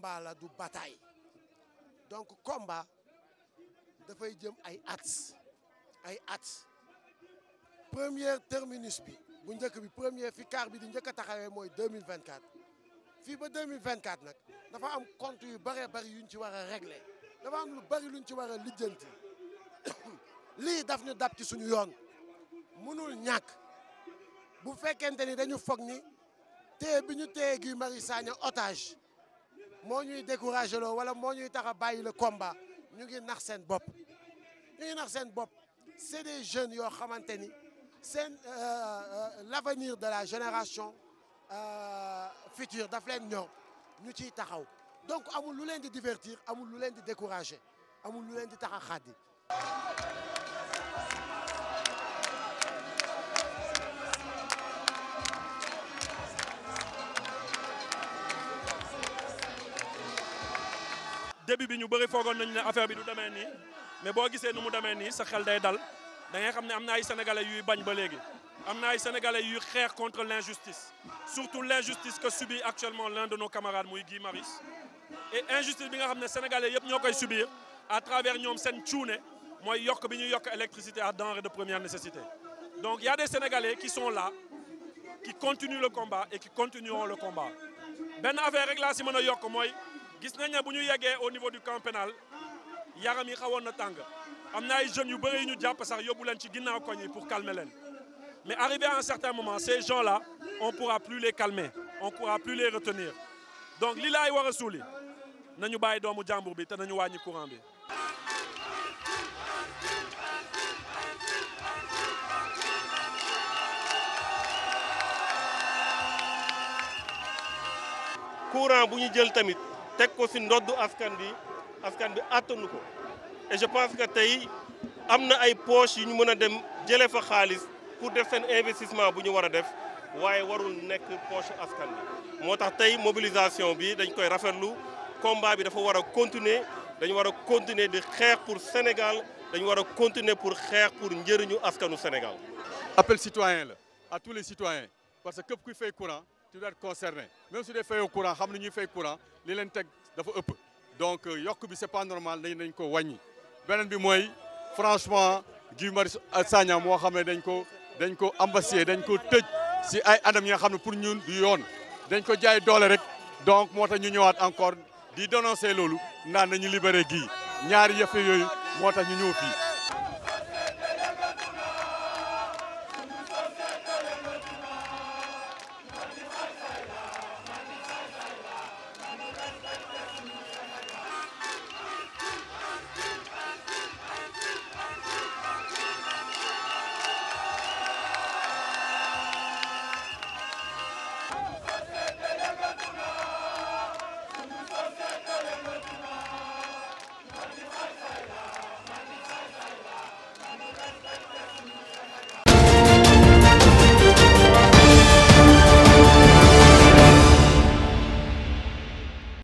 combat la du bataille donc combat da fay jëm ay at ay at première terminus bi bu njëkk bi premier fi car bi di njëkk taxawé moy 2024 fi ba 2024 nak dafa am compte yu bari bari yuñ ci wara régler dafa am lu bari luñ ci wara a li daf ñu dab ci suñu yoon mënul ñak bu fekkente ni dañu fogg ni téye biñu ñu téye Guy Marius otage moo ñuy découragé loo wala moo ñuy tax a le combat ñu ngi nax seen bopp ñu ngi nax seen bopp c'est des jeunes yoo xamante ni seen euh, euh, l'avenir de la génération euh, future daf leen ñor ñu ciy taxaw donc amul lu leen di divertir amul lu leen di décourager, amul lu leen di tax a début bi ñu bëri nañ né affaire bi du demee ni mais bo qui nu mu demee ni sa xel day dal da ngay xamné ay sénégalais yu bañ ba légui amna ay sénégalais yu contre l'injustice surtout l'injustice que subit actuellement l'un de nos camarades muy Guy Maris. et injustice bi nga xamné sénégalais yëpp ñokay subir à travers ñom sen cuune moy yok bi ñuy électricité à denrées de première nécessité donc il y a des sénégalais qui sont là qui continuent le combat et qui continueront le combat Ben, affaire rek la si mëna yok moy gis nañ buñu bu au niveau du camp pénal yaram yi xawoon na tàng am ay jeunes yu bëri yu ñu japp sax yóbbu ci ginnaw koñ yi pour calmer len mais arrivé à un certain moment ces gens là on pourra plus les calmer on pourra plus les retenir donc li laay war a nañu baye doomu jambour bi té nañu wañi courant bi. courant bu ñu jël tamit teg ko si ndoddu askan bi askan bi attanu et je pense que tey am à ay poches yu ñu mën a dem fa pour def seen investissement bu ñu war a def waaye warul nekk poche askan bi moo tax mobilisation bi dañ koy rafetlu combat bi dafa war continuer dañu war continuer di faire pour Sénégal dañu war continuer pour faire pour njëriñu askanu Sénégal appel citoyen à tous les citoyens parce que pour qui fay courant tu dois être concerné même su dee fayoo courant xam ne ñuy fay courant li leen teg dafa ëpp donc euh, yokk bi c'est pas normal dañ nañ ko wàññi beneen bi mooy franchement Guy Marius Sagna moo xam ne dañ ko dañ ko ambassé dañ ko tëj si ay anam yi nga xam ne pour ñun du yoon dañ ko jaay doole rek donc moo tax ñu ñëwaat encore di dénoncer loolu naan nañu libéré gii ñaari yëfe yooyu moo tax ñu ñëw fii